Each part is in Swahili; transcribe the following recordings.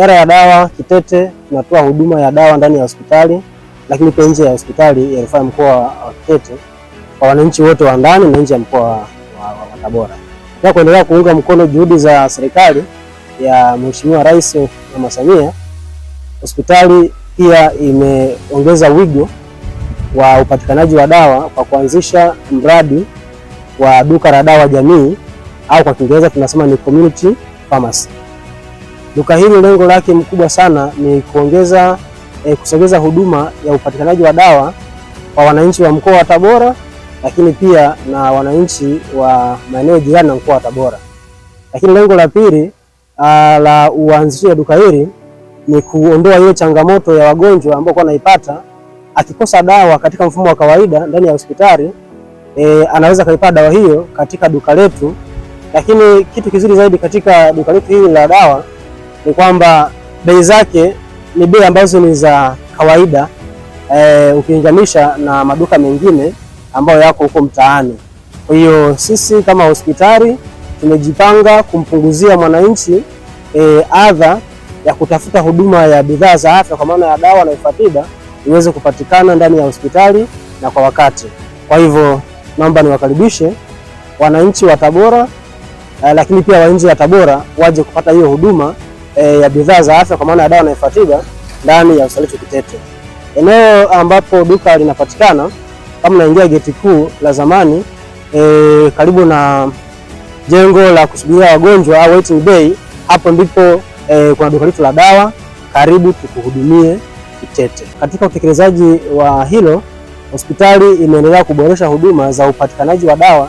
Idara ya dawa Kitete tunatoa huduma ya dawa ndani ya hospitali, lakini pia nje ya hospitali ya rufaa ya mkoa wa Kitete kwa wananchi wote wa ndani na nje ya mkoa wa, wa, wa Tabora. Pia kuendelea kuunga mkono juhudi za serikali ya Mheshimiwa Rais Mama Samia, hospitali pia imeongeza wigo wa upatikanaji wa dawa kwa kuanzisha mradi wa duka la dawa jamii au kwa Kiingereza tunasema ni community pharmacy. Duka hili lengo lake mkubwa sana ni kuongeza eh, kusogeza huduma ya upatikanaji wa dawa kwa wananchi wa mkoa wa Tabora, lakini pia na wananchi wa maeneo jirani na mkoa wa Tabora. Lakini lengo la pili ah, la uanzishaji wa duka hili ni kuondoa ile changamoto ya wagonjwa ambao kwa naipata akikosa dawa katika mfumo wa kawaida ndani ya hospitali e, anaweza kaipata dawa hiyo katika duka letu. Lakini kitu kizuri zaidi katika duka letu hili la dawa ni kwamba bei zake ni bei ambazo ni za kawaida e, ukilinganisha na maduka mengine ambayo yako huko mtaani. Kwa hiyo sisi kama hospitali tumejipanga kumpunguzia mwananchi e, adha ya kutafuta huduma ya bidhaa za afya kwa maana ya dawa na vifaa tiba iweze kupatikana ndani ya hospitali na kwa wakati. Kwa hivyo naomba niwakaribishe wananchi wa Tabora, eh, lakini pia wa nje ya Tabora waje kupata hiyo huduma e, ya bidhaa za afya kwa maana ya dawa na vifaa ndani ya Usaliti Kitete. Eneo ambapo duka linapatikana kama unaingia geti kuu la zamani e, karibu na jengo la kusubiria wagonjwa au waiting bay, hapo ndipo e, kuna duka letu la dawa. Karibu tukuhudumie Kitete. Katika utekelezaji wa hilo, hospitali imeendelea kuboresha huduma za upatikanaji wa dawa,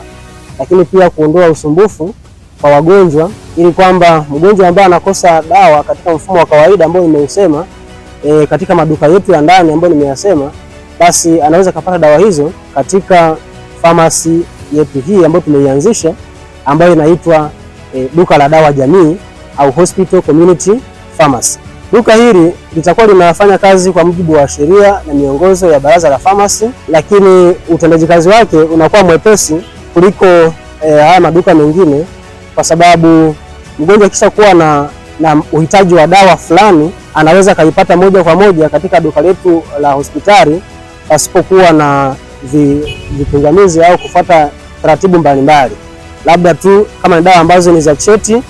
lakini pia kuondoa usumbufu kwa wagonjwa, ili kwamba mgonjwa ambaye anakosa dawa katika mfumo wa kawaida ambao nimeusema e, katika maduka yetu ya ndani ambayo nimeyasema, basi anaweza kupata dawa hizo katika famasi yetu hii ambayo tumeianzisha ambayo inaitwa e, duka la dawa jamii au hospital community pharmacy. Duka hili litakuwa linafanya kazi kwa mujibu wa sheria na miongozo ya Baraza la Famasi, lakini utendaji kazi wake unakuwa mwepesi kuliko e, haya maduka mengine kwa sababu mgonjwa kisha kuwa na, na uhitaji wa dawa fulani anaweza akaipata moja kwa moja katika duka letu la hospitali pasipokuwa na vipingamizi au kufuata taratibu mbalimbali, labda tu kama ni dawa ambazo ni za cheti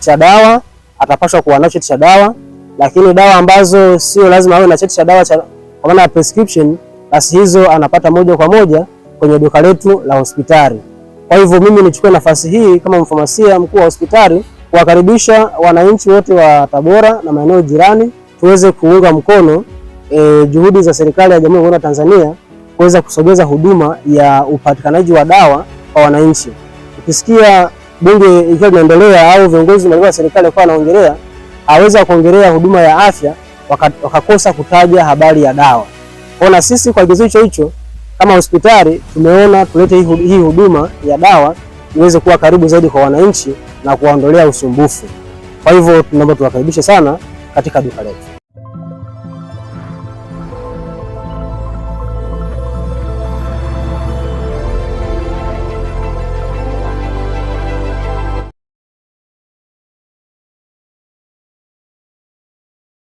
cha dawa atapaswa kuwa na cheti cha dawa, lakini dawa ambazo sio lazima awe na cheti cha dawa cha kwa maana ya prescription, basi hizo anapata moja kwa moja kwenye duka letu la hospitali. Kwa hivyo mimi nichukue nafasi hii kama mfamasia mkuu wa hospitali kuwakaribisha wananchi wote wa Tabora na maeneo jirani tuweze kuunga mkono e, juhudi za serikali ya Jamhuri ya Muungano wa Tanzania kuweza kusogeza huduma ya upatikanaji wa dawa kwa wananchi. Ukisikia bunge ikiwa linaendelea au viongozi mbalimbali wa serikali kwa wanaongelea, aweza kuongelea huduma ya afya wakakosa kutaja habari ya dawa. Kwa na sisi kwa kigezo hicho hicho kama hospitali tumeona tulete hii huduma ya dawa iweze kuwa karibu zaidi kwa wananchi na kuwaondolea usumbufu. Kwa hivyo tunaomba tuwakaribishe sana katika duka letu.